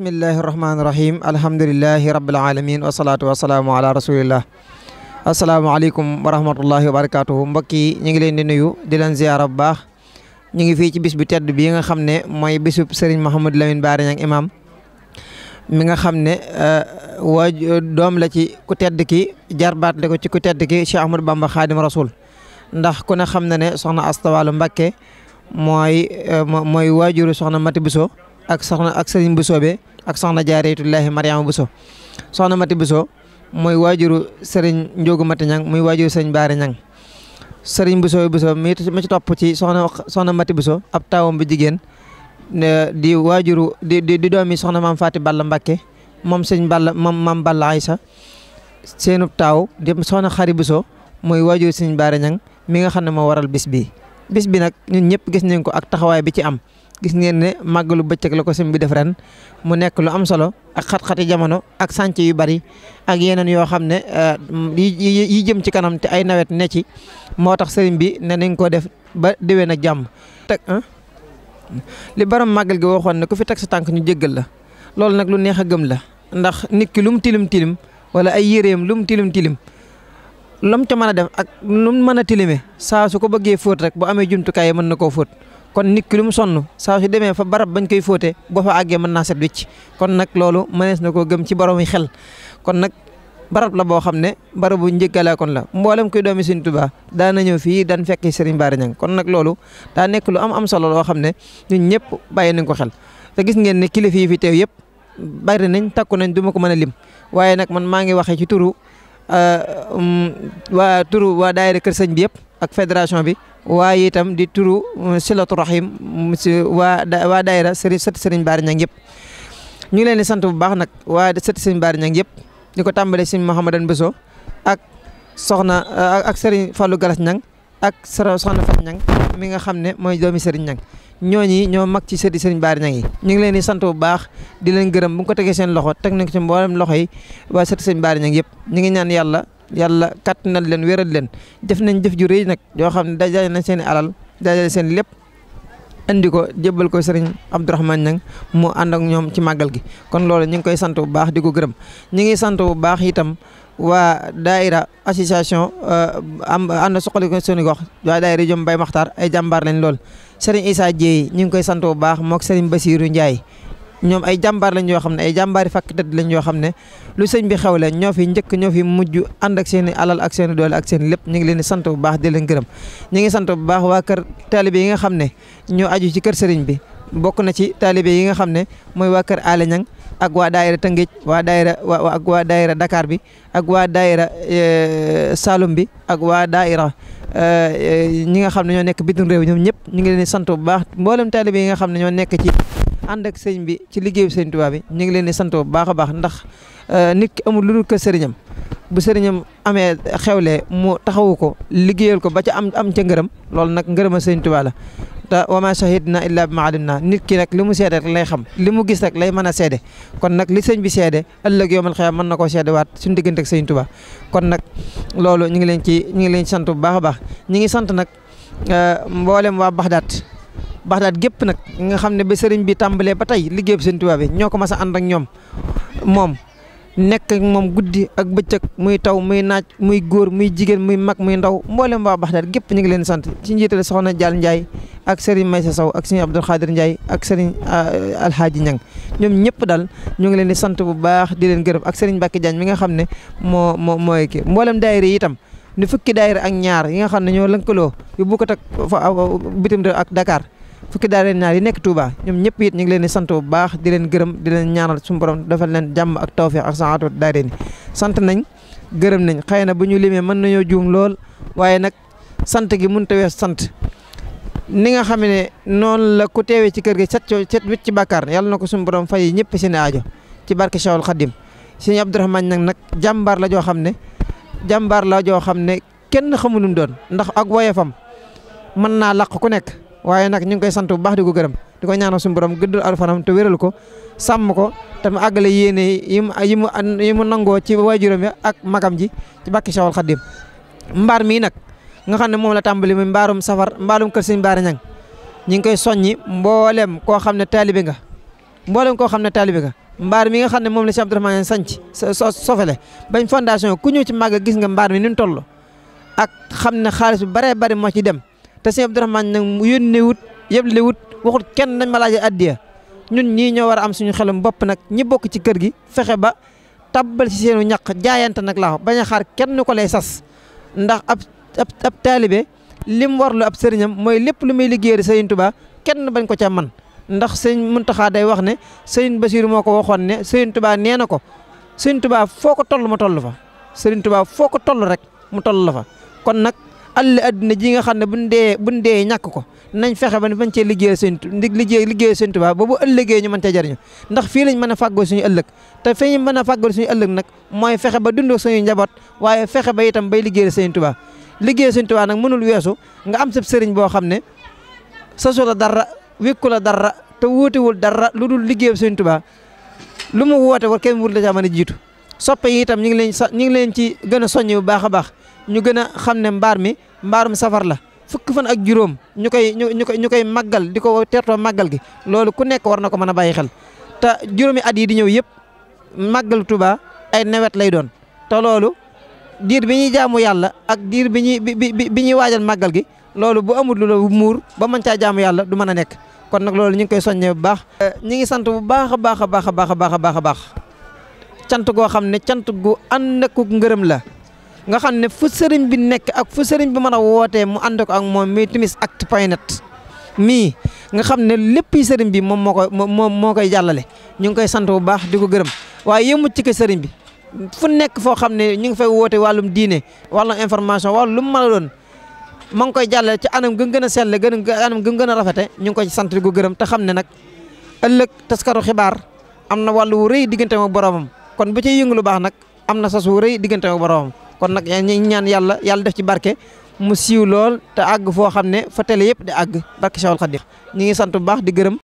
bismillahi rahmaani rahim alhamdulilahi rabbil alamin wasalaatu wasalaamu ala rasulillah asalaamaaleykum wa rahmatullahi wa barakatuhu mbokk yi ñu ngi leen di nuyu di leen ziyaara bu baax ñu ngi fii ci bis bu tedd bi nga xam ne mooy bisub Serigne Mouhamadou Lamine Bara Niang imam mi nga xam ne eh, waa doom la ci ku tedd ki jarbaat la ci ku tedd ki Cheikh Ahmadou Bamba Khadim Rasoul ndax ku ne xam na ne soxna Astawalu Mbakke mooy eh, mooy waajuru soxna Mati Bousso ak soxna ak sëriñ bu soobee ak soxna jaareetullaahi Mariama Bousso soxna Mati Bousso mooy waajuru sëriñ Njóogu Mati Ñang muy waajuru sëriñ Baari Ñang sëriñ Bousso Bousso mi ci topp ci soxna soxna Mati Bousso ab taawam bu jigéen di waajuru di di doomi soxna maam Faati Balla Mbàkke moom sëñ Balla moom maam Balla Aysa seenub taaw di soxna Xari Bousso mooy waajuru sëriñ Baari Ñang mi nga xam ne moo waral bis bi bis bi nag ñun ñëpp gis nañ ko ak taxawaay bi ci am gis ngeen ne màggalu bëccëg la ko sëñ bi def ren mu nekk lu am solo ak xat-xati jamono ak sànc yu bari ak yeneen yoo xam ne euh, yi jëm ci kanam te ay nawet ne ci moo tax sëriñ bi ne nañ koo def ba déwén na jàmm. teg li borom màggal gi waxoon ne ku fi teg sa tànk ñu jëggal la loolu nag lu neex a gëm la ndax nit ki lu mu tilim tilim wala ay yéreem lu mu tilim tilim. lom ca mën a def ak lu mu mën a tilime saa su ko bëggee fóot rek bu amee jumtukaay mën na koo fóot kon nit ki lu mu sonn saa su demee fa barab bañ koy fóote boo fa àggee mën naa set wicc kon nag loolu mënees na koo gëm ci borom yi xel kon nag barab la boo xam ne barabu njëkkalaa kon la mboolem koy doomi Sëriñ Tuubaa daana ñëw fii daan fekk Sëriñ Bara Ñang kon nag loolu daa nekk lu am am solo loo xam ne ñun ñëpp bàyyi nañ ko xel te gis ngeen ne kilifa yi fi teew yëpp bari nañ takku nañ du ma ko mën a lim waaye nag man maa ngi waxee ci turu euh, um, waa turu waa daayira sëñ bi yëpp ak fédération bi waaye itam di turu uh, silatu rahim monsieur waa waa daayira Serigne sëti Serigne Bara Niang yëpp ñu ngi leen di sant bu baax nag waa sëti Serigne Bara Niang yëpp di ko tàmbalee Serigne Mouhamadan Bousso ak soxna uh, ak Serigne Fallou Galas Niang ak soxna Fatou Niang mi nga xam ne mooy doomi Serigne Niang ñooñi ñoo mag ci sëti Serigne Bara Niang yi ñu ngi leen di sant bu baax di leen gërëm bu ñu ko tegee seen loxo teg nañ ko loxo yi waa sëti Serigne Bara Niang yëpp ñu ngi ñaan yàlla yàlla kattanal leen wéral leen def nañ jëf ju rëy nag yoo xam ne dajale nañ seen alal dajale seen lépp andi ko jébbal ko sëriñ Abdourahmane Niang mu ànd ak ñoom ci màggal gi kon loolu ñu ngi koy sant bu baax di ko gërëm ñu ngi sant bu baax itam waa daaira association euh, am ànd suqali ko suñu gox waa daaira jom bay maxtaar ay jàmbaar lañ lool sëriñ Issa Dieye ñu ngi koy sant bu baax mook sëriñ Basirou Ndiaye ñoom ay jàmbaar lañ yoo xam ne ay jàmbaari fàkk dëdd lañ yoo xam ne lu sëñ bi xew leen ñoo fi njëkk ñoo fi mujj ànd ak seen alal ak seen doole ak seen lépp ñu ngi leen di sant bu baax di leen gërëm ñu ngi sant bu baax waa kër taalibe yi nga xam ne ñoo aju ci kër sëriñ bi bokk na ci taalibe yi nga xam ne mooy waa kër Alé Niang ak waa daayira Tëngéej waa daayira waa ak waa daayira Dakar bi ak waa daayira eh, Saloum bi ak waa daayira eh, eh, ñi nga xam ne ñoo nekk bitim réew ñoom ñëpp ñu ngi leen sant bu baax mboolem taalibe yi nga xam ne ñoo nekk ci ànd ak sëñ bi ci liggéeyu sëñ Tuubaa bi ñu ngi leen di sant bu baax a baax ndax euh, nit ki amul lu dul kër sëriñam bu sëriñam amee xewlee mu taxawu ko liggéeyal ko ba ca am am ca ngërëm loolu nag ngërëm a sëñ Tuubaa la te wa ma shahidna illa bi ma nit ki nag li mu seede lay xam li mu gis rek lay mën a seede kon nag li sëñ bi seede ëllëg yoomal xiyaam mën na koo seede suñu diggante ak sëñ kon nag loolu ñu ngi leen ci ñu ngi leen sant bu baax a baax ñu ngi sant nag euh, mboolem waa Baxdaat baxdaat gépp nag nga xam ne ba sëriñ bi tàmbalee ba tey liggéey bu sëriñ Tuubaa bi ñoo ko mas a ànd ak ñoom moom nekk moom guddi ak bëccëg muy taw muy naaj muy góor muy jigéen muy mag muy ndaw mboolem waa baxdaat gépp ñu ngi leen sant ci njiital soxna Jaal Njaay sëriñ Maysa Saw ak sëriñ Abdul Xaadir ak sëriñ euh, Alxaaji Ñang ñoom ñëpp daal ñu ngi leen di sant bu baax di leen gërëm ak sëriñ Mbàkke Jaañ mi nga xam ne moo moo mooy kii mboolem daayira yi itam ni fukki daayira ak ñaar yi nga xam ne ñoo lënkaloo yu bukkat ak bitim ak dakaar fukki daara naar yi nekk Touba ñoom ñëpp it ñu ngi leen di sant bu baax di leen gërëm di leen ñaanal suñu borom defal leen jàmm ak tawfeex ak saatu daara ni sant nañ gërëm nañ xëy na bu ñu limee mën nañoo juum lool waaye nag sant gi mënut a wees sant ni nga xam ne noonu la ku ci kër gi set set wit ci bàkkaar yàlla na ko suñu borom fay ñëpp seen aajo ci barke Cheikhul Khadim sëñ Abdourahmane nag nag jàmbaar la joo xam ne jàmbaar la joo xam ne kenn xamul doon ndax ak woyefam mën naa làq ku nekk waaye nag ñu ngi koy sant bu baax di ko gërëm di ko ñaana suñu borom gëddal alfanam te wéral ko sàmm ko te mu àggale yéene yi mu yi mu yi mu nangoo ci waajuram ya ak magam ji ci bàkki Cheikhul Khadim mbaar mii nag nga xam ne moom la tàmbali muy mbaarum safar mbaarum kër sëñ Baara Ñang ngi koy soññi mboolem koo xam ne taalibe nga mboolem koo xam ne taalibe mbaar mi nga xam ne moom la Cheikh Abdourahmane sanc sofele bañ fondation ku ñëw ci màgg gis nga mbaar mi ni mu toll ak xam ne xaalis bu bare bari moo ci dem te sëñ Abdourahmane nag mu yónnee wut yeble wut waxut kenn dañ ma laaj addiya ñun ñii ñoo war a am suñu xelum bopp nag ñi bokk ci kër gi fexe ba tabbal ci seenu ñaq jaayante nag laaw bañ a xaar kenn ko lay sas ndax ab ab ab taalibe lim warlu ab sëriñam mooy lépp lu muy liggéeyal Sëriñ Tuubaa kenn bañ ko ca man ndax sëñ Muntaxa day wax ne sëriñ Basiiru moo ko waxoon ne Sëriñ Tuubaa nee na ko Sëriñ Tuubaa foo ko tollu ma toll fa Sëriñ Tuubaa foo toll rek mu toll la fa alal adduna ji nga xam ne buñ dee buñ dee ñàkk ko nañ fexe ba bañ cee liggéeyal seen liggéey liggéeyal seen tubaab ba bu ëllëgee ñu mën cee jariñu ndax fii lañ mën a fàggoo suñu ëllëg te fi ñu mën a fàggoo suñu ëllëg nag mooy fexe ba dundoo suñu njaboot waaye fexe ba itam bay liggéeyal seen tubaab liggéeyal seen tubaab nag mënul weesu nga am sab sëriñ boo xam ne sasu la dara wékku la dara te wóotewul dara lu dul liggéeyal seen tubaab lu mu woote war kenn wur la caa mën a jiitu soppe itam ñu ngi leen ñu ngi leen ci gën a soññ bu baax a baax ñu gën a xam ne mbaar mi mbaarum safar la fukk fan ak juróom ñu koy ñu koy ñu koy màggal di ko teertoo màggal gi loolu ku nekk war na ko mën a bàyyi xel te juróomi at yi di ñëw yëpp màggal Tuuba ay nawet lay doon te loolu diir bi ñuy jaamu yàlla ak diir bi ñuy bi ñuy waajal màggal gi loolu bu amul lu muur ba mën caa jaamu yàlla du mën a nekk kon nag loolu ñu ngi koy soññee bu baax. ñu ngi sant bu baax a baax a baax a baax a baax a baax cant goo xam ne cant gu ànd ak ngërëm la. nga xam ne fu sëriñ bi nekk ak fu sëriñ bi mën a wootee mu ànd ko ak moom mii Toumisactu point net mii nga xam ne lépp yi sëriñ bi moom moo koy moom moo koy jàllale ñu ngi koy sant bu baax di ko gërëm waaye yëmut ci ko bi fu nekk foo xam ne ñu ngi fay woote wàllum diine wàllum information wàllum lu mu mën a doon ma ngi koy jàllale ci anam gën gën a sell gën anam gën gën a rafete ñu ngi koy sant di ko gërëm te xam ne nag ëllëg taskaru xibaar am na wàllu wu rëy diggante moom boromam kon bu ci yëngu lu baax nag am na sas wu rëy diggante moom kon nag ñi ñaan yàlla yàlla def ci barke mu siiw lool te àgg foo xam ne fa tele yëpp di àgg barke Cheikhul Khadim ñi ngi sant bu baax di gërëm